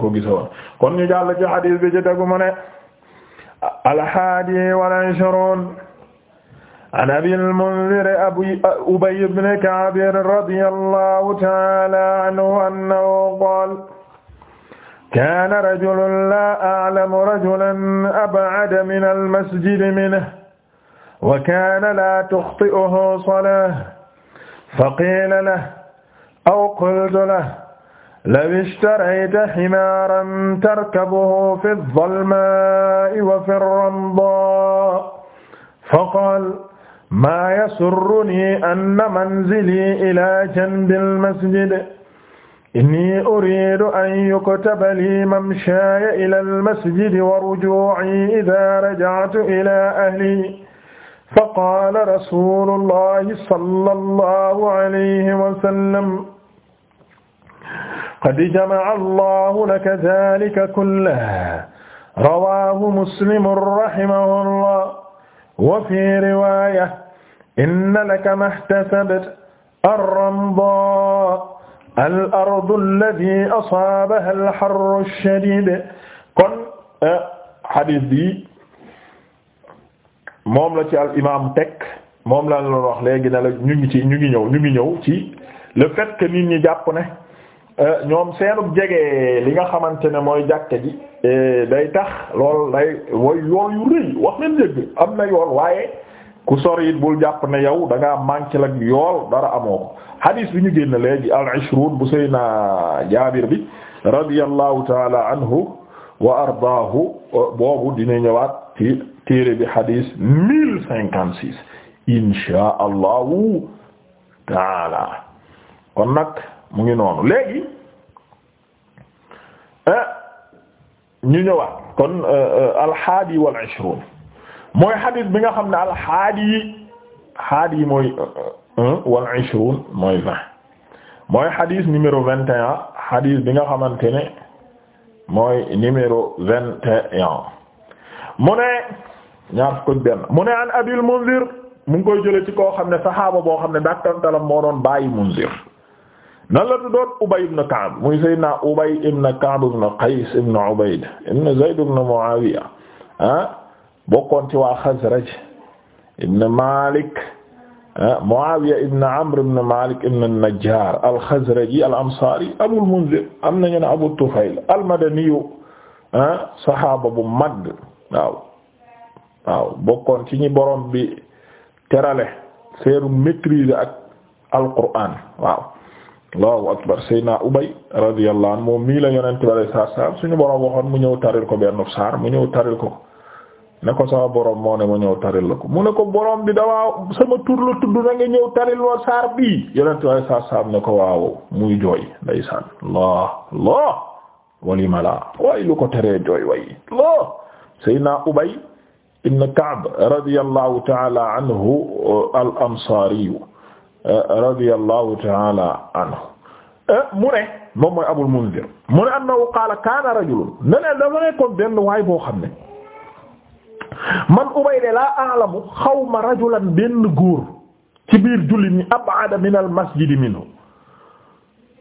ko gisoon kon ñu jàll ci xadiis bi ci tegu mu ne alhaadi wal ishruun an abil munzir abi ubay ibn ka'b radiyallahu ta'ala anhu annahu qaala كان رجل لا أعلم رجلا أبعد من المسجد منه وكان لا تخطئه صلاة فقيل له أو قلت له law ishtarayta himaaran tarkabuhu fi zalmaa'i wa fi ramdaa'i faqaala maa yasurrunii anna manzilii ilaa janbil masjid innii uriidu an yuktaba lii mamshaaya ilal masjidi wa rujuucii idaa rajactu ilaa ahlii faqaala rasuulullaahi sallallaahu alayhi wa sallam qad jama'a allahu laka dhalika kullahu rawaahu muslimun rahimahullah wa fi riwaaya inna laka ma ihtasabta ar-ramdaa al-ardu allatii asaabahaa al-harru ash-shadiid kon xadis euh, bi moom la ci al imaam teg moom la la wax léegi ne la ñu ngi ci ñu ngi ñëw ñu ngi ñëw ci le fait que nit ñi jàpp ne. ñoom seenub jege li nga xamante ne mooy jàkka ji e, day tax lool day woy yool yu wax leen dëgg am na yool waaye ku sori it bul jàpp ne yow da ngaa manqué lak yool dara amoo ko hadis bi ñu génn léegi al ishrun bu sayna jaabir bi radiyallahu taala anhu wa ardaahu boobu dina ñëwaat ci téere bi hadis mille cinquante six taala kon nag mu ngi noonu léegi eh, ñu ñëwaat kon eh, eh, alxaadi wal ishrun mooy xadis bi nga xam ne alxaadi xaadi mooy un wal ishrun mooy vingt mooy xadis numéro vingt et un bi nga xamante ne mooy numéro vingt et mu ne ñaar ko benn mu ne an abil munzir mu ngi koy jële ci koo xam ne saxaaba boo xam ne daktantalam moo doon bàyyi munzir nan la tuddoon Ubay ibn Ka'b muy Seydina Ubay ibn Ka'b ibn Qays ibn Ubayd ibn Zayd ibn Muawiya ah bokkoon ci waa Xasraj ibn Malik ah, Muawiya ibn Amr ibn Malik ibn an-Najjar al-Khazraji al-Ansari Abul Munzir am nañu ne Abu Tufayl al-Madani ah saxaaba bu mag waaw waaw bokkoon ci ñi borom bi terale seeru maîtriser ak Alquraan waaw. Allahu akbar Seydina Ubay radiyallahu anhu moom mii la yonent bi alayhi salaatu suñu borom waxoon mu ñëw taril ko benn saar mu ñëw taril ko ne ko sama borom moo ne ñëw taril la ko mu ne ko borom bi dawa sama tur la tudd nga ñëw taril wa saar bii yonent bi alayhi salaatu ne ko waaw muy jooy ndeysaan Allah Allah walima la way lu ko teree jooy way Allah Seydina Ubay ibn Ka'b radiyallahu ta'ala ansaari radiyallahu ta'ala anhu eh, mu ne moom mooy Abul Munzir mu ne annahu qaala kaana rajulun ne ne dafa nekkoon benn waay boo xam ne man Ubay de laa a'lamu xawma rajulan benn góor ci biir jullit ñi ab'ada min al masjid minhu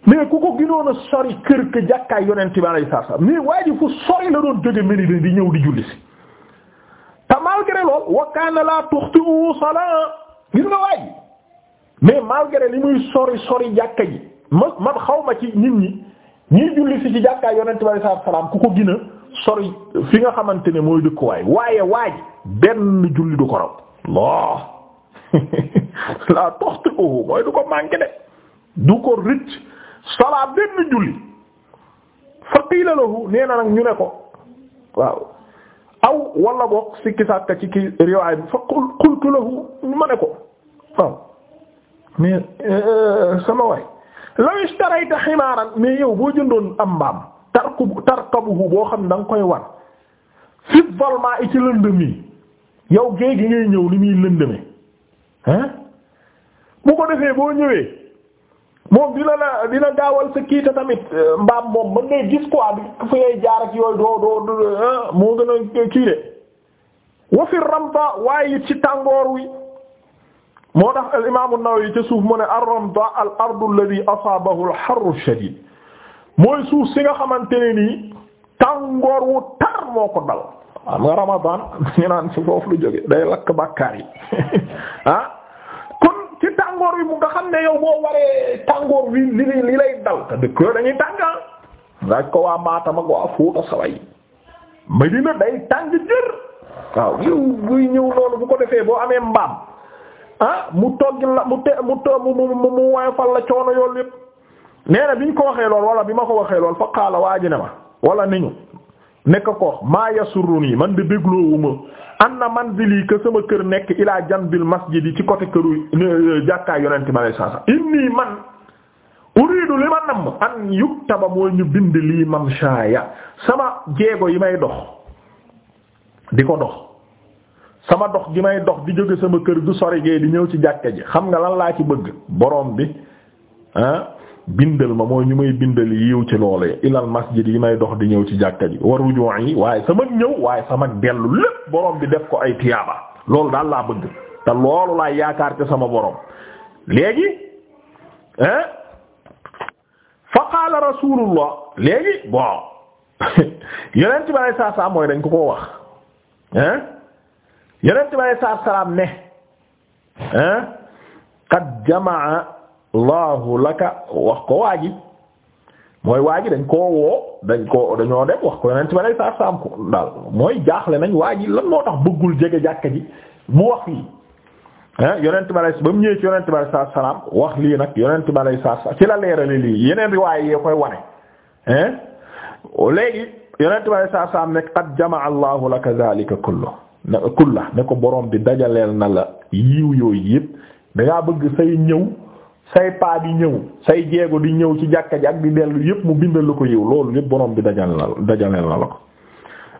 mais ku ko gënoon a sori kër ka jàkkaay yonent bi alayhi salaam mais waa ji fu sori la doon jóge Medina di ñëw di julli si te malgré lool wa kaana laa tuxti'u salaa gis nga waa ji mais malgré li muy sori sori jàkka ji ma man xawma ci nit ñi ñiy julli si ci jàkkaay yonent bi sallallahu alayhi ku ko gën a sori fi nga xamante ne mooy dëkkuwaay waaye waaj benn julli du ko raw loo laa toxti ko mooy du ko manqué de du ko rëcc salaa benn julli fa qiila lahu nee na nag ñu ne ko waaw aw wala boog si kisaat ci ki riwaay bi fa qultu lahu ñu ma ne ko waaw mais euh, sama way law ishtarayta ximaaran mais yow boo jëndoon am mbaam tarkub tarkabuhu boo xam ne da koy war fi zalma i lëndëm yi yow géej gi ngay ñëw ni muy lëndëme hein bu ko defee boo ñëwee moom dina la sa kiita tamit euh, mbaam moom mën ngay gis quoi bi fu yay jaar ak yooyu doo doo moo gën a kii de wa fi ramta waaye it ci tàngoor wi moo tax al imaamu Nawawi ca suuf mu ne ar-ramda al ardu alladi asaabahu al harru suuf si nga xamante nii tàngoor wu tar moo ko dal am nga Ramadan ñu naan ci foofu lu jóge day lakk bàkkaar yi ah kon ci tàngoor wi mu nga xam ne yow boo waree tàngoor wi li li lay dal te dëkk yooyu dañuy tànga ah. laaj ko waa maata ak waa Fuuta saway Madina day tàng jër waaw yow buy ñëw loolu bu ko defee boo amee mbaam ah mu toggil la mu te mu mu mu mu woyofal la coono yoolu yépp nee bi ñu ko waxee lool wala bi ma ko waxee lool fa qaala waa ji ne ma wala ni ñu nekk ko maa yasurruni man de dégloowuma anna manzili que sama kër nekk jan janbil masjid yi ci côté këru euh, jàkkaay yonente ma lay saasa inni man uridu li ma namm an yuktaba mooy ñu bind lii mamshaya sama jéego yi may dox di ko dox sama dox gi may dox di jóge sama kër gu sore gee di ñëw ci jàkka ji xam nga lan laa ci bëgg borom bi ah bindal ma mooy ñu may bindal yiw ci loolee ilal masjid yi may dox di ñëw ci jàkka ji waru jooñ yi waaye sama ñëw waaye sama dellu lépp borom bi def ko ay tiyaaba loolu daal laa bëgg te loolu laa yaakaar te sama borom léegi ah fa qaala rasulullah léegi bon yeneen ci ba saa saa mooy dañ ko ko wax ah yonent bi alayhi salaam ne ah qad jamaa Allahu laka wax ko waaji mooy waaji dañ koo woo dañ koo dañoo dem wax ko yonent bi alayhi salaam ko daal mooy jaaxle nañ waaji lan moo tax bëggul jege jàkka ji mu wax fii ah yonent bi alayhi salaam wax lii nag yonent bi alayhi salaatu salaam ci la leerale lii yeneen riwaay yee koy wane ah léegi yonent bi alayhi salaatu salaam ne qad jamaa Allahu laka zaalika kullu na kulla ne ko boroom bi dajaleel na la yiw yooyu yëpp da bëgg say ñëw say paa di ñëw say jeego di ñëw ci jàkka ji ak di dellu yëpp mu bindal lu ko yiw loolu yëpp borom bi dajal na dajaleel na la ko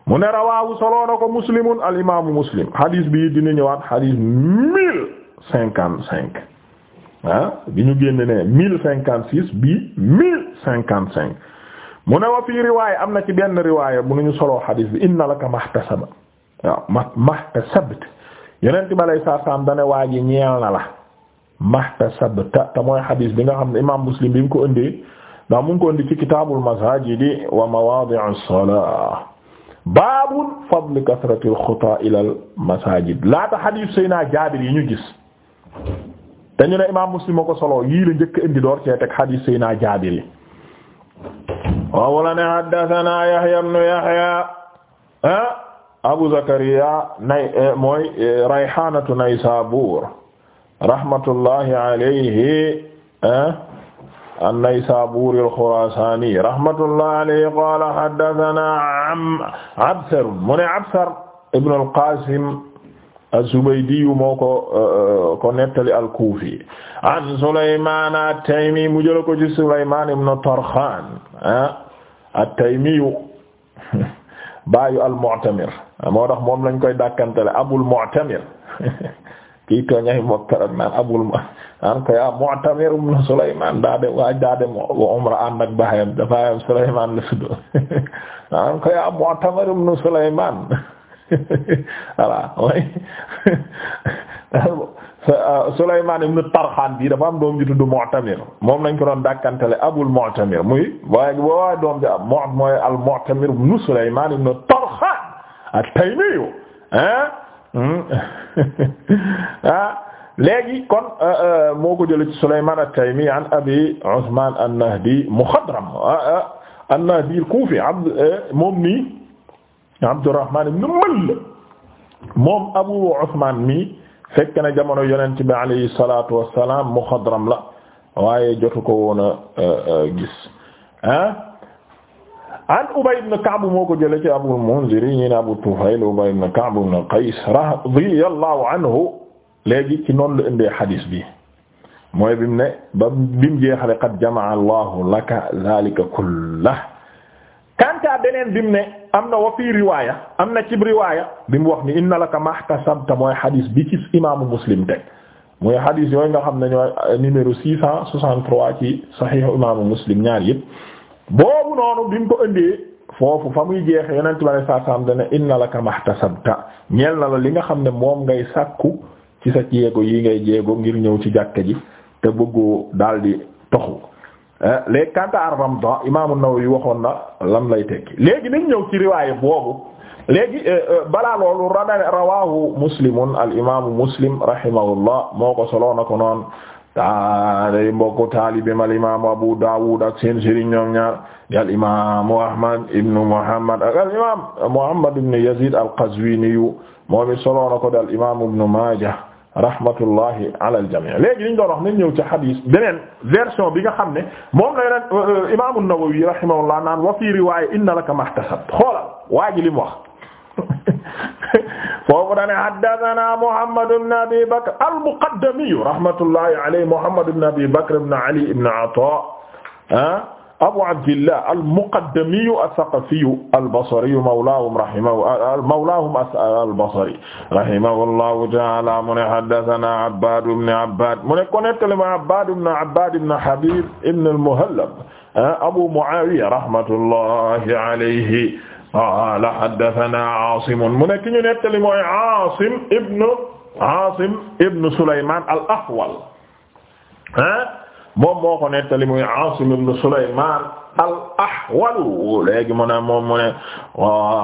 mu ne rawaawu soloo na ko muslimun al imaamu muslim hadis bi dina ñëwaat hadis mille cinquante cinq ah bi ñu génn ne mille cinquante six bi mille cinquante cinq mu ne wa fii riwaaya am na ci benn riwaaya bu ñu soloo hadis bi inna laka mahtasaba ma waaw mahtasabta yonent bi alayhi salaam dane waa ji ñeel na la mahtasabta ta mooy xadiis bi nga xam ne imaam Muslim bi mu ko ëndee ndax mu ngi ko ëndi ci kitaabul masaajidi wa mawaadi'u salaa baabul fadli kasratil xutaa ilal masaajid laata xadiis Seydina Jaabir yi ñu gis te ñu ne imaam Muslim moo ko solo yii la njëkk indi door cee teg xadiis Seydina Jaabir yi waaw wala ne haddasanaa Yahya ibnu Yahya ah, Abu Zakariya nay eh, mooy eh, Rayhanatu Naysabur rahmatullahi alayhi eh, an-Naysaburi al-Khurasani rahmatullahi alayhi qala haddathana am Abthar mu ne Abthar ibn al-Qasim az-Zubaydi moo ko ko nettali al-Kufi an Sulayman at-Taymi mu jël ko ci Sulayman ibn Tarkhan ah, at-Taymi baayu al-Mu'tamir ah, moo tax moom lañ koy dàkkantele Abul Mu'tamir kii tooñay bokkaram naan naan ko yaa Mu'tamir ibn Sulaymaan daa dem waaj daa dem umra ànd ak baayam la tudd naan ko yaa Mu'tamir ibn Sulaymaan voilà Ah, Sulaymaan ibn Tarxaan bii dafa am doom ju tudd Mu'tamir moom lañ ko doon dàkkantele Abul Mu'tamir muy waaye waaye doom ji am ah, moo mooy al Mu'tamir ibn Sulaymaan ibn Tarxaan at-Taymi ah, hmm. ah léegi kon moo ko jëlee ci Sulaymaan at-Taymi an Abi Usmaan an-Nahdi Muxadram an-Nahdi al-Kuufi abd eh, moom nii Abdurrahmaan ibn Mall moom Abu Usmaan mi fekk na jamono yonent bi alayhi salaatu wassalaam muxadram la waaye jotu ko woon a gis ah an Ubay ibn Ka'b moo ko jële ci Abul Munzir ñi ne Abu Tufayl Ubay ibn Ka'b ibn Qays radiyallahu anhu léegi ci noonu la indee xadiis bi mooy bimu ne ba bimu jeexale qad jamaa Allahu laka zaalika kullahu kanta beneen bi mu ne am na wa fii riwaaya am na ci riwaaya bi mu wax ni inna laka mahtasabta mooy xadis bi ci imaamu muslim teg mooy xadis yooy nga xam ne ñooy euh, numéro 663 ci saxiixu imaamu muslim ñaar yëpp boobu noonu bi mu ko indee foofu fa muy jeexe yonent bi saa saam dana inna laka mahtasabta ñeel na la li nga xam ne moom ngay sàkku ci sa jéego yi ngay jéego ngir ñëw ci jàkka ji te bëggoo di toxu Eh, léegi kanta ar a imaamu Nawawi waxoon na lam lay tekki léegi nañ ñëw ci riwaaye boobu eh, eh, balaa loolu rawahu muslimun al imaamu muslim rahimahullah moo ko soloo Abu Dawud ak seen sëriñ di al Ahmad ibn Muhammad ak Muhammad ibn Yazid al Qazwini yu moom di al imaamu Majah rahmatullahi ala aljamii léegi liñ doon wax nañ ñëw ci hadis beneen version bi nga xam ne moom la yeneen euh, euh, imam an-Nawawi rahimahullah naan wa fii riwaya inna laka mahtasab xoolal waa ji li mu wax foofu dane haddathana Muhammad ibn Abi Bakr al-Muqaddami rahmatullahi alayhi Muhammad ibn Abi Bakr ibn Ali ibn Ata ah? abu abdillah almuqaddamiyu alsaqafiyu albasariyu mawlaahum rahimahu mawlaahum albasari rahimahullahu taala mu ne haddathana abbad ibn abbad mu ne konettale ma abbad ibn abbad ibn habib ibn almuhallab abu muawiya rahmatullahi alayhi qaala haddathana asim mu ne ki ñu nettali mooy asim ibn asim ibn sulayman al ahwal ah moom moo ko nettali muy Asim ibn Sulaymaan al-Ahwal léegi mu ne moom mu ne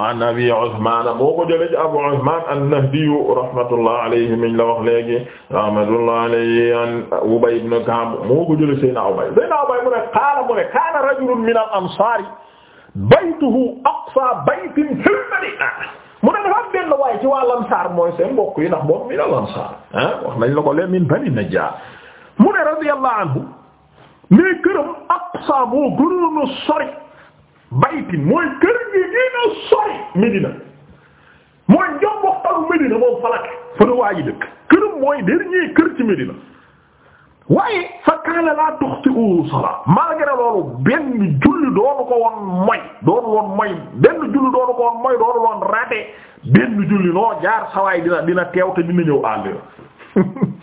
an Abi Usmaan moo ko jëlee ci Abu Usmaan an-Nahdi rahmatullah alayhi miñ la wax léegi rahmatullah alayhi an Ubay ibn Ka'b moo ko jëlee Seydina Ubay Seydina Ubay mu ne qaala mu ne kaana rajulun min al-ansaar baytuhu aqsaa baytin fil madiina mu ne dafa am benn waay ci waa Ansaar mooy seen mbokk yi ndax moom min al-ansaar ah wax nañ la ko leen min Bani Najjaar mu ne radiyallahu anhu mais këram aqsa moo gënoon a sori baytin mooy kër gi gën sori Medina mooy njomboxtalu Medina moom falake fa la waaji dëkk këram mooy dernier kër ci Medina waaye fa kaana laa tuxti u sala malgré loolu benn julli doonu ko woon moy doonu woon moy benn julli doonu ko woon moy doonu woon raté benn julli noo jaar sawaay dina dina teew te dina ñëw àll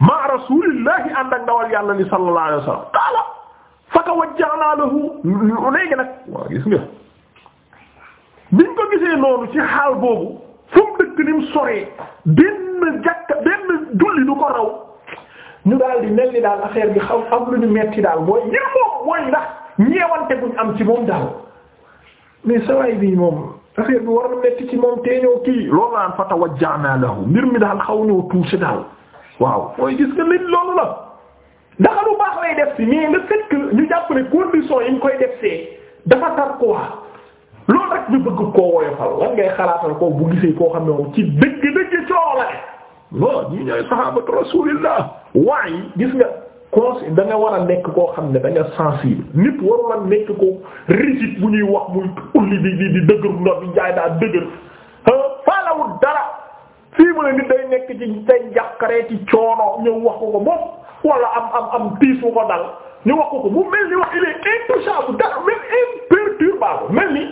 ma rasulillahi ànd ak ndawal yàlla li sallallahu alayhi wa sallam qaala fa tawajjahna lahu léegi nag waaw gis nga ko gisee noonu ci xaal boobu fu mu dëkk ni mu soree benn jàkka benn julli du ko raw ñu daal di mel daal affaire bi xaw am lu ñu metti daal mooy ngir moom mooy ndax ñeewante buñ am ci moom daal mais sawaay bi moom affaire bi war na metti ci moom te ñëw kii loolu naan fa tawajjahna lahu mbir mi daal xaw ñëw tuuti daal waaw mooy gis nga leen loolu la ndax lu baax lay def si mais le fait ñu jàpp ne condition yi ñu koy def see dafa tar quoi loolu rek ñu bëgg koo woyofal lan ngay xalaatal koo bu gisee koo xam ne moom ci dëgg-dëgg coono la de non ñu ñooy sahabatu rasulillah waaye gis nga consi da nga war a nekk koo xam ne da nga sensible nit warul a nekk ko rigide bu ñuy wax muy ulli di di di dëgër ndox bi jaay daa dëgër. fii mu ne nit day nekk ci day njàqaree ci coono ñëw wax ko ko moom wala am am am tiis wu ko dal ñu wax ko mu mel ni wax il est intouchable dara même imperturbable mel ni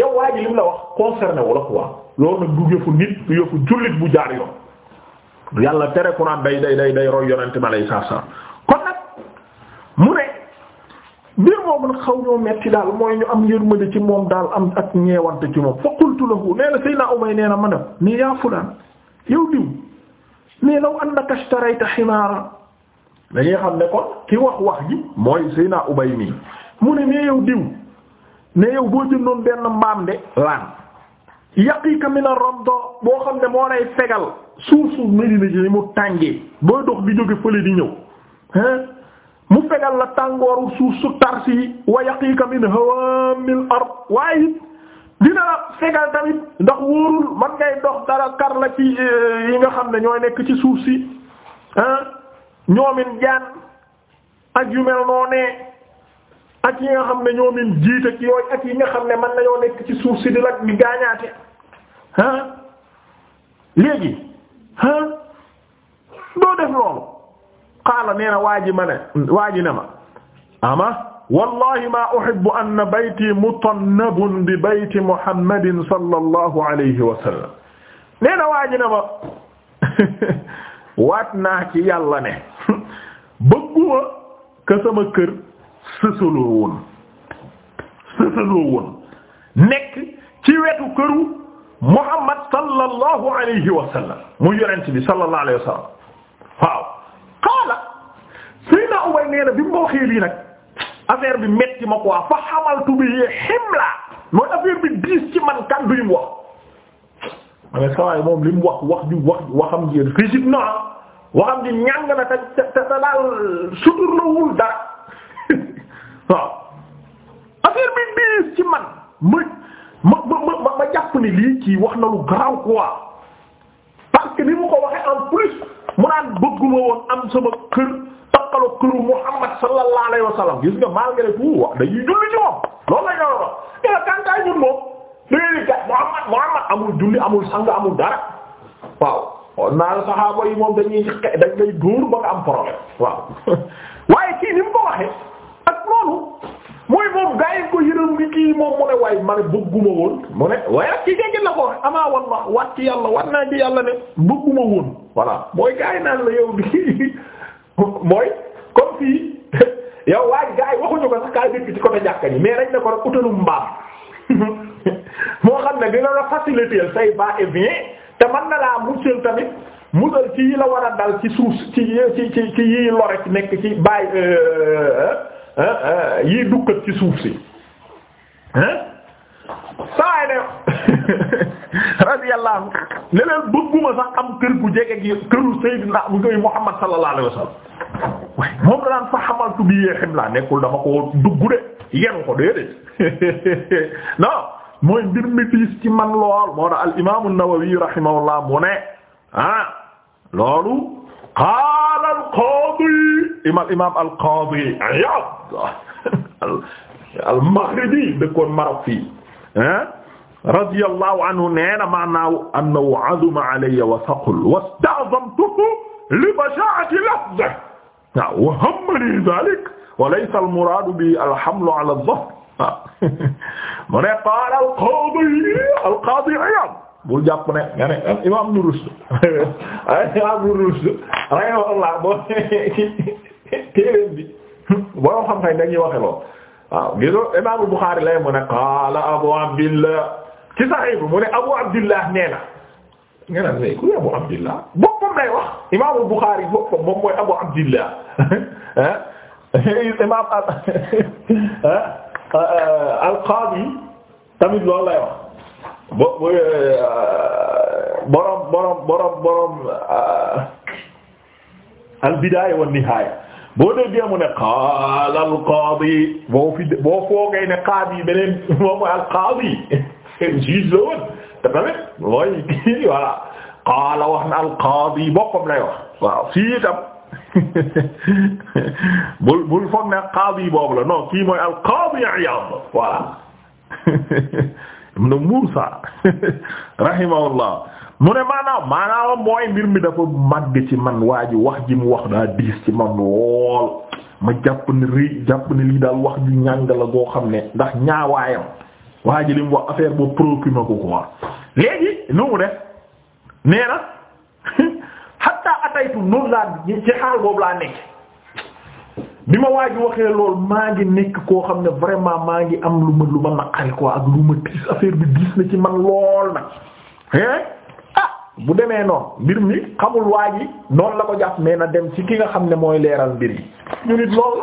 yow waa li mu la wax concerné wu la quoi loolu nag du yëfu nit du yëfu jullit bu jaar yoon yàlla tere ku naan day day day day roy yonente ma kon nag mu ne mbir moom nag xaw ñoo metti daal mooy ñu am yërmande ci moom daal ak ñeewante ci moom fa qultu lahu nee na yow diw mais law annaka ishtarayta himaara dañuy xam ne kon ki wax wax ji mooy Seyna Ubay mii mu ne nee yow diw ne yow boo jëndoon benn mbaam de laan yaqika min ar-radda boo xam ne moo lay fegal suuf suuf Medina ji mu tàngee booy dox di jóge fële di ñëw hein mu fegal la tàngooru suuf su tarsi wa yaqika min hawaamil ard waaye dina la fegal tamit ndax wóorul man ngay dox dara kar la ci euh, yi nga xam ne ñoo nekk ci suuf si ñoomin jaan ak yu mel noonee ak yi nga xam ne ñoomin jiit ak yooyu ak yi nga xam ne man nañoo nekk ci suuf si di la di gaañaate ah léegi ah doo def loolu xaala nee na waa ji ma ne waa ji ne ma ama wallahi ma uhibbu an bayti mutannabun bi bayti muhammadin sallallahu alayhi wa sallam nee na waa ji na ma waat naa ci yàlla ne bëgguma ka sama kër sësaloo woon sësaloo woon nekk ci wetu këru muhammad sallallahu alayhi wa sallam mu yonent bi sallallahu alayhi wa sallam waaw qaala Seydina Ubay nee na bi mu waxee lii nag affaire bi metti ma quoi fa xamaltu bi himla mooy affaire bi diis ci man kàddu yi mu wax ma ne sawaay moom li wax wax ju wax waxam ji rigide waxam ji ñàng na te te te daal suturlawul dara waaw affaire bi diis ci man ma ma ma ma jàpp ni lii kii wax na lu garaaw quoi parce que ni mu ko waxee en plus mu naan bëgguma woon am sama kër taqaloo këru Muhammad sallallahu alayhi wa sallam gis nga malgré tout wax dañuy julli ci moom loolu la ñu war a wax yow eh, kantaay ñun moom Muhammad Muhammad amul julli amul sang amul dara waaw naan saxaaba yi moom dañuy dañ lay nga am problème waaw waaye kii ni mu ko waxee ak mooy moom gaa yi ko yërëm kii moom mu ne waaye man bëgguma woon mu waaye ak ci jéggin la ko waxe amaa wan ma wat ci yàlla wat naa ci yàlla ne bëgguma woon voilà mooy gaa naa naan mooy comme fii yow waaye gars yi waxuñu ko sax kaay dëkk ci côté jàkka ji mais dañ ne ko rek utalum mbaam moo xam ne dina la faciliter say bas et bien te man na laa muccal tamit musal ci la war a dal ci suuf ci ci ci ci yi lore ci nekk ci bàyyi euh, euh, euh, yi dukkat ci suuf si hein sawaay ne radiyallahu ne leen bëgguma sax am kër gu jege gi këru sayyidina bu ngay Muhammad sallallahu alayhi wasallam waaye moom bi yee xim laa nekkul dama ko dugg de yenu ko déedéet non mooy mbir mi diis ci man lool moo tax al imaamu mu ne ah loolu qaala al qaadi imaam imaam al qaadi Iyaad al maghribi dëkkoon Maroc fii radiyallahu anhu neena maanaahu annahu azuma alayya wa saqul wasta'zamtuhu li basha'ati lafzihi waaw wa hammani dhalik wa laysa al muraadu bi al hamlu ala adh-dhahr waaw mu ne qaala al qaadi al qaadi Iyaad bul jàpp ne nga ne imaam Ibn Rushd imaam Ibn Rushd rahimahullah boo téeréem bi boo xam xay dañuy waxe lool waaw gisoo imaamu Buxaari lay mu ne qaala Abu Abdillah ci Sahih mu ne Abu Abdillah nee na nga naan léegi ku Abu Abdillah boppam lay wax imaamu Buxaari boppam moom mooy Abu Abdillah ah imaam al-Qaadi ah? ah, tamit loolu lay wax bo eh, borom borom borom borom ah, al-Bidaaya wan-Nihaaya boo déggee mu ne qaala al qaadi boo fi boo ne qaadi beneen moom mooy al qaadi juge la te tamit mooy kii voilà qaala wax na al qaadi boppam lay wax waaw fii itam bul bul foog ne qaadi boobu la non kii mooy al qaadi Iyaad voilà ibn Muusaa rahimahullah mu ne maanaaw maanaaw mooy mbir mi dafa màgg ci man waa ji wax ji mu wax daa diis ci man lool ma jàpp ne ri jàpp ne lii daal wax ju ñàng la goo xam ne ndax ñaawaayam waa ji li mu wax affaire boobu préoccupé ko quoi léegi nu mu def nee na hatta ataytu noonu laa ci xaal boobu laa nekk bi ma waa ji waxee lool maa ngi nekk koo xam ne vraiment maa ngi am lu ma lu ma naqari quoi ak lu ma tiis affaire bi diis na ci man lool nag. Eh? bu demee noonu mbir mi xamul waa ji noonu la ko jàpp mais na dem ci ki nga xam ne mooy leeral mbir yi ñu nit loolu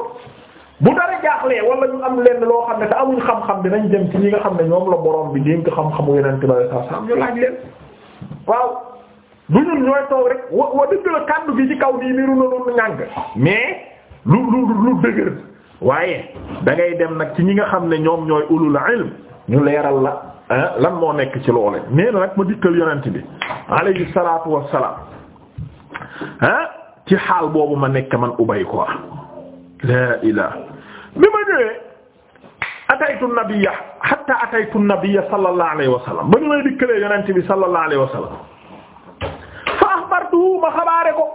bu dara jaaxlee wala ñu am lenn loo xam ne te amuñ xam-xam dinañ dem ci ñi nga xam ne ñoom la borom bi dénk xam-xamu yeneen tubaab yi sax ñu laaj leen waaw du ñun ñooy toog la gi ci kaw nii niru na lu mais lu waaye da ngay dem nag ci ñi nga xam ne ñoom ñooy ulul ilm ñu leeral la. lan moo nekk ci loole nee na nag ma dikkal yonent bi alayhi salaatu wassalaam ah ci xaal boobu ma nekk man ubay quoi la ilah bi ma ñëwee ataytu nabiyya hatta ataytu nabiyya sallallahu alayhi wa sallam ba ñu may dikkalee yonent bi sallallahu alayhi wa sallam fa akhbartuhu ma xabaare ko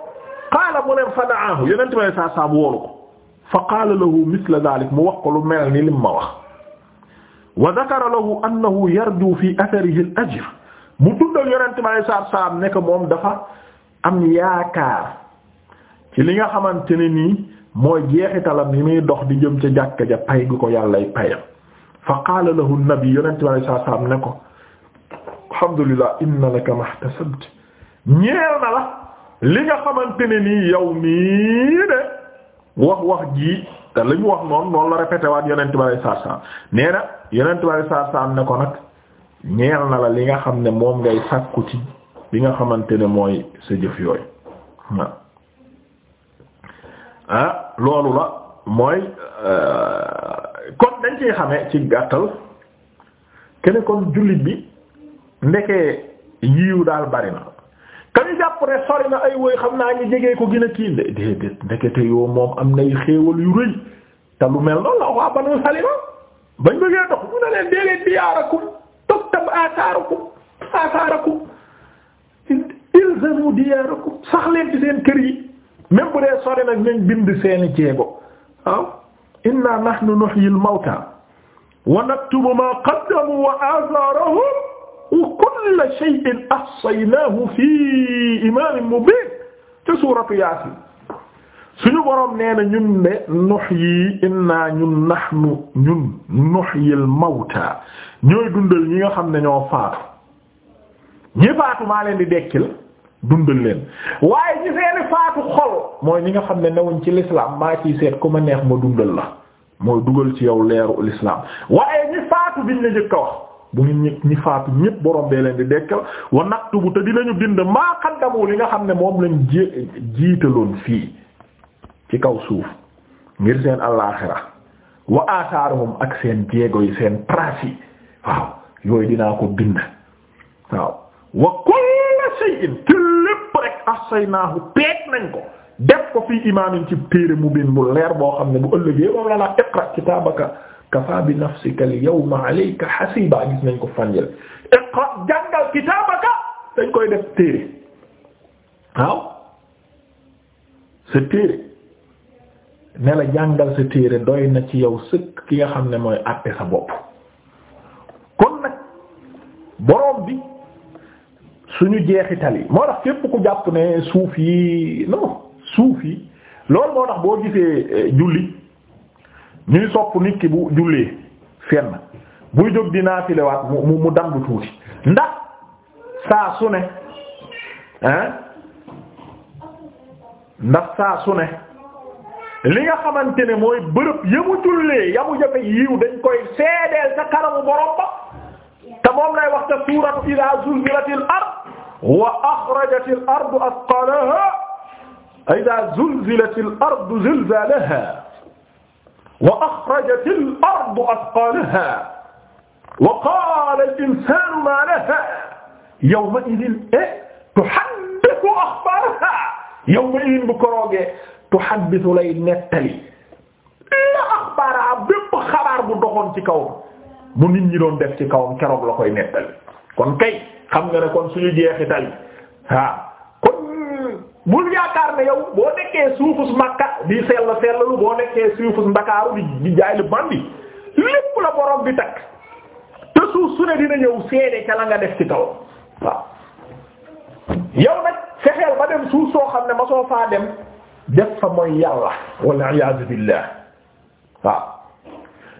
qaala mu ne fa da'aahu yonent bi saa saa bu wóolu ko fa qaala lahu mithla dhalik mu wax ko lu mel ni lim ma wax wa dhakara lahu annahu yarju fi atharihi al ajr mu tuddal yonent bi alayhi salaatu salaam ne moom dafa am yaakaar ci li nga xamante ne nii mooy jeexitalam yi muy dox di jëm ca jàkka ja pay gu ko yàllay payam fa qaala lahu nabi yonent bi alayhi salaatu ne ko alhamdulillah inna laka mahtasabta ñeel na la li nga xamante ne nii yow mii de wax wax ji te li mu wax noonu noonu la répété waat yonent bi saa saa nee na yonent bi saa saa ne ko nag ñeel na la li nga xam ne moom ngay sàkku ci li nga xamante ne mooy sa jëf yooyu waaw ah, loolu la mooy euh, kon dañ ciy xamee ci gàttal kenn kon jullit bi ndekee yiw daal bari na kañu jàpp ne sori na ay woy xam naa ñu jege ko gën a kii déedéet ndekete yoo moom am nay xéewal yu rëy te lu mel noonu la waa Banu Salima bañ bëggee dox ñu ne leen dee leen diyaarakum tuktab asaarakum asaarakum ilzamu diyaarakum sax leen ci seen kër yi même bu dee sori nañ bind seeni jeego waaw inna nahnu nuhyil mawta wa naktubu ma qaddamu wa athaarahum kulla shay'in ahsaynaahu fi imaamin mubiin ci suuratu yaasin suñu boroom nee na ñun de nuhyi inna ñun nahnu ñun nuhyil mawta ñooy dundal ñi nga xam ne ñoo faatu ñi faatu maa leen di dekkil dundal leen waaye ñi seeni faatu xol mooy ñi nga xam ne newuñ ci lislaam maa ciy seet ku ma neex ma dundal la mooy dugal ci yow leeru lislaam waaye ñi faatu biñ la jëkk a wax bu ñu ñi ñi faatu ñëpp borom bee leen di dekkal wa naktubu te dinañu bind maa qaddamu li nga xam ne moom lañ ji jiitaloon fii ci kaw suuf ngir seen alaaxira wa aasaaruhum ak seen jéego yi seen trace yi waaw yooyu dinaa ko bind waaw wa kullu shay'in te lépp rek ahsaynaahu peeg nañ ko def ko fii imaamin ci téere mu bind bu leer boo xam ne bu ëllëgee moom la naa iqra kitaabaka kafa bi nafsika al yawma alayka gis nañ ko fanjel iqra jàngal dañ koy def téere waaw sa téere ne jàngal sa téere doy na ci yow sëkk ki nga xam ne mooy àtte sa bopp kon nag boroom bi suñu jeexital yi moo tax képp ku jàpp ne suuf yi non suuf yi loolu moo tax boo gisee eh, julli ñuy sopp nit ki bu jullee fenn buy jóg di naafilewaat mu mu dandu tuuti ndax saa sune ne ndax saa su li nga xamante ne mooy bërëb yamu jullee ja jafe yiw dañ koy seedeel sa kanamu borom ba te moom lay wax ta suuratu idaa zulzilatil ard wa axrajatil ardu asqalaha idaa zulzilatil ardu zilzalaha wa axrajatil ardu asqaalahaa wa qaalal insaanu maa lahaa yawma'idin eh, tuhaddithu axbaarahaa yawma'idin bu koroogee tuhaddithu lay nettali la axbaarahaa bépp xabaar bu doxoon ci kaw mu nit ñi doon def ci kawam keroog la koy nettali kon kay xam nga ne kon suñu jeexital ah bul yaakaar ne yow boo nekkee suufus Makka di sell sellalu boo nekkee suufus Ndakaaru di di jaay lu bandi lépp la borom bi takk te suuf su ne dina ñëw seede ca la nga def ci kaw waaw yow fexeel ba dem suuf soo xam ne ma soo faa dem def fa mooy yàlla wal iyaazu billaah waaw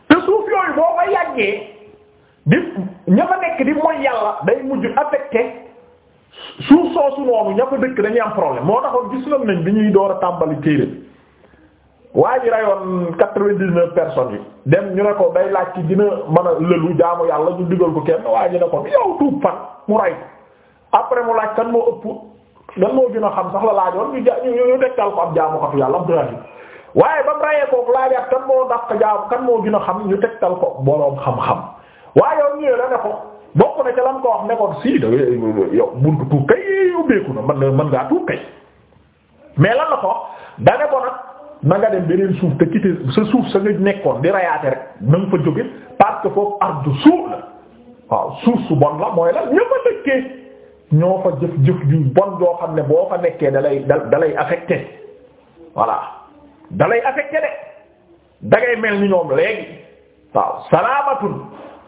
te suuf yooyu boo ko yàggee di ña fa nekk di mooy yàlla day mujj affecté suuf soosu noonu ña dëkk dañuy am problème moo taxoon gisoon nañ bi ñuy door a tàmbali téere waa ji rayoon quatre-vingt-dix-neuf personnes yi dem ñu ne ko day laaj ci dina man a lëlu jaamu yàlla ñu digal ko kenn waa ji ne ko yow tuub fan mu ray ko après mu laaj kan moo ëpp kan moo gën a xam sax la laajoon ñu ja ñu dekkal ko ab jaamukatu yàlla Abdoulaye waaye ba mu rayee koog laajaat kan moo dàq jaamu kan moo gën a xam ñu tegtal ko boroom xam-xam waaye yow ñëwee la ne ko. boo na ca lan ko wax ne ko da yow buntu tuub kay ubbeeku na mën mën ngaa tuub kay mais la ko wax da ko nag na nga dem beneen suuf te quitté sa suuf sa nga nekkoon di rayaate rek na nga fa jóge parce que ardu suuf la waaw suuf su bon la mooy la ñëpp a dëkkee ñoo fa jëf jëf ju bon joo xam ne boo fa nekkee dalay dalay affecté voilà dalay affecté de dangay mel ni ñoom léegi waaw salaamatun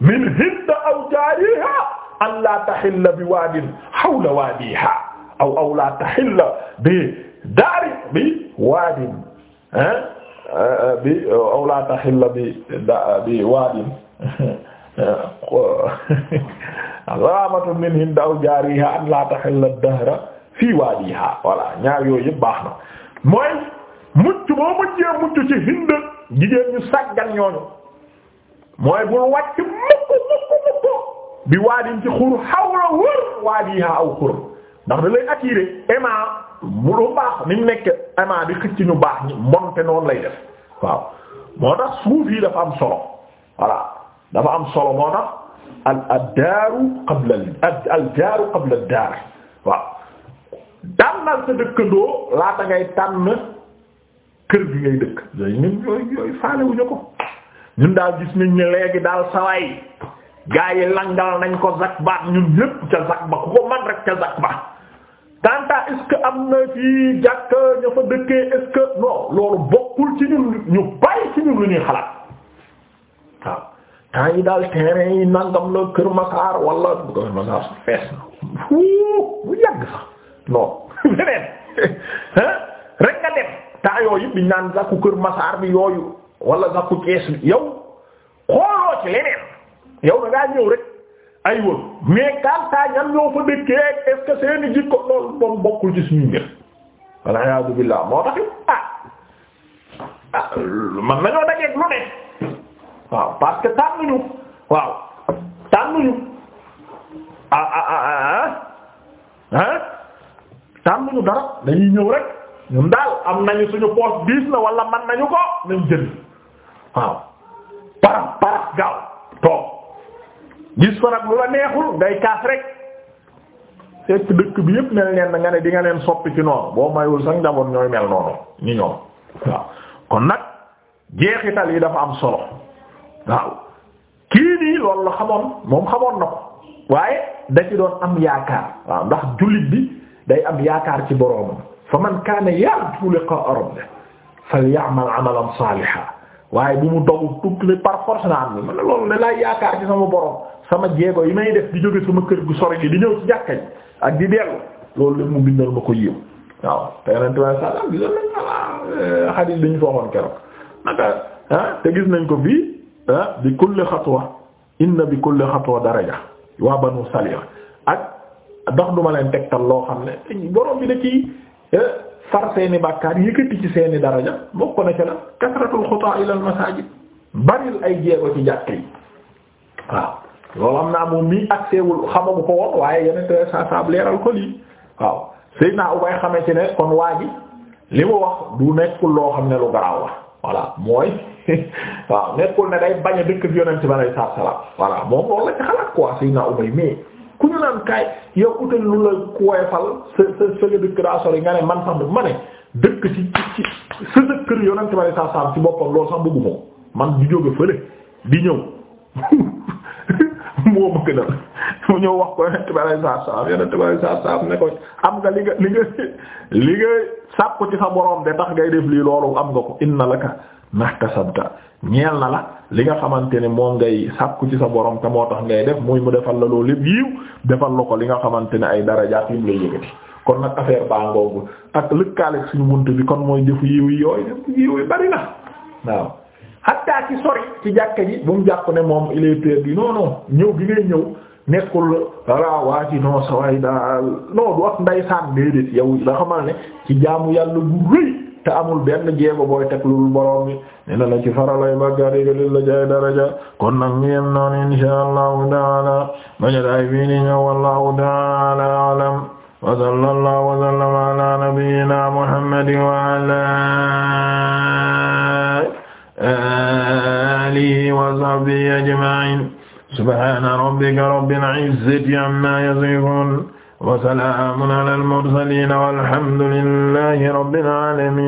min hind aw jaariha an la tahilla bi waadin hawla waadiha aw aw la tahilla bi daari bi waadin eh, eh, bi aw la tahilla bi bi waadin raamatu eh, min hind aw jaariha an la tahilla dahra fii waadiha voilà ñaar yooyu yëpp baax na mooy mucc boo muccee mucc ci hind jigéen ñu sàggan ñooñu mooy bul wàcc mukk mukk mukk bi waadin xur xawla wër waadiha aw xur ndax da lay attirer aima mu lu baax niñ nekk aima bi xëcc ñu baax ñi monte noonu lay def waaw moo tax suuf dafa am solo voilà dafa am solo moo tax al al daaru qabla al daaru daar waaw tànnal sa dëkkandoo laata ngay tànn kër gi ngay dëkk yooyu faale wuñu ko ñun daal gis nañ ne léegi daal saway gaa langal nañ ko zak ba ñun ca zak ku ko man rek ca zak ba tanta est am na fii jàkk ña dëkkee est ce bokkul ci ñun ñu bàyyi ci ñun lu ñuy xalaat waaw temps yi daal terrain yi nangam la Kër Masar wala Kër Masar fees na fu bu yàgg sax non beneen rek nga dem temps yooyu biñ naan zakku Kër Masar bi yooyu wala nga ko kees yow ci leneen yow da ngaa ñëw rek ay wër mais kanta ñan ñoo fa dëkkee est seeni jikko loolu moom ci suñu mbir walla a'uuzu billaah moo tax ah, ah man nañoo dajeeg lu ne waaw parce que tànnuñu waaw tànnuñu ah ah, ah ah ah ah tànnuñu dara dañuy ñëw rek ñun daal am nañu suñu poche diis na wala man nañu ko nañ jënd. waaw param param gaaw toog gis fa nag lu la neexul day kaas rek fekk dëkk bi yépp mel neen nga ne di nga leen soppi ci noonu boo mayul sax njaboot ñooy mel noonu ñi ñoom waaw kon nag jeexital yi dafa am solo waaw kii nii loolu la xamoon moom xamoon na ko waaye da ci doon am yaakaar waaw ndax jullit bi day am yaakaar ci boroomam fa man kaana yarju liqaa'a rabbih falya'mal 'amalan saalihan waaye bu mu dogu tukki ne par force na am ma ne loolu ne yaakaar ci sama borom sama jéego yi may def di jóge sama kër gu sori gi di ñëw ci jàkkañ ak di dellu loolu lépp mu bindal ma ko yiw waaw te yeneen trois cent bi ñu foogoon keroog ah te gis nañ ko fii ah, bi kulli xatwa inna bi kulli xatwa daraja waa banu salima ak ndax duma leen tegtal loo xam ne borom bi da ci eh, far seeni bàkkaar yëkkati ci seeni daraja bokk na ci la kasratul xutaa ila al masajid baril ay jéego ci jàkk yi waaw loolu am naa moom mii akseewul xamagu ko woon waaye yeneen te sa leeral ko lii waaw Seydina Ubay xamee ci ne kon waa ji li mu wax du nekkul loo xam ne lu garaaw la voilà mooy waaw nekkul ne day bañ a dëkk bi yonent bi alayhi salaam voilà moom loolu la ci xalaat quoi Seydina Ubay mais ku ñu naan kaay yow utal lu la woyofal sa sa sa nga dëkk daa sori nga ne man sax ma ne dëkk ci ci sa kër yonent ba ne saa saam ci boppam loolu sax bëggu man di jóge fële di ñëw moo ma gënal mu ñëw wax ko yonent ba ne saa yonent ba ne saa ne ko am nga li nga li nga li nga sàpp ci sa borom de tax ngay def lii loolu am nga ko inna laka mahtasabta ñeel na la li nga xamante ne moom ngay sàkku ci sa borom te moo tax ngay def muy mu defal la loolu lépp yiw defal la ko li nga xamante ne ay darajaat yu lay yëgati kon nag affaire baa ngoogu ak lëkkaaleeg suñu bunt bi kon mooy jëfu yiw yi yooyu yiw yi bari na waaw xattaa ci sori ci jàkka ji bu mu jàpp ne moom il est perdu non ñëw gi ngay ñëw nekkul voilà waa ci non daal non du ak nday saan déedéet yow da xamal ne ci jaamu yàlla te amul benn jéego booy teg lu borom bi ne la ci faralay bàkkaar yi li la jaay daraja kon nag ñu yem noonu inshaa Allahu taala bañadaay bii ni ñëw wallahu taala a'lam wa sallallahu wa sallama ala nabiyyina muhammadin wa ala alihi wa sahbihi ajma'in subhana rabbika rabbil izzati amma yasifun wa salamun ala al mursalin walhamdulillahi rabbil alamin